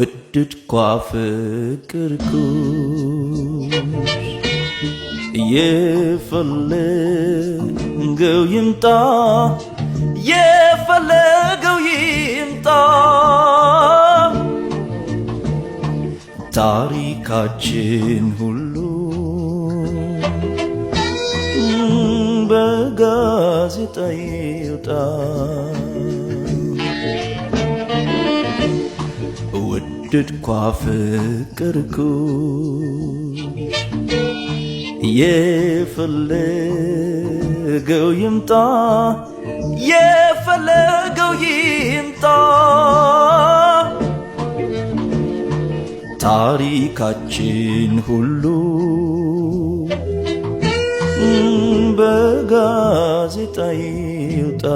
ወደድኳ ፍቅር ጉድ የፈለገው ይምጣ የፈለገው ይምጣ ታሪካችን ሁሉ በጋዜጣ ይውጣ ወደድኳ ፍቅርኩ የፈለገው ይምጣ የፈለገው ይምጣ ታሪካችን ሁሉ በጋዜጣ ይውጣ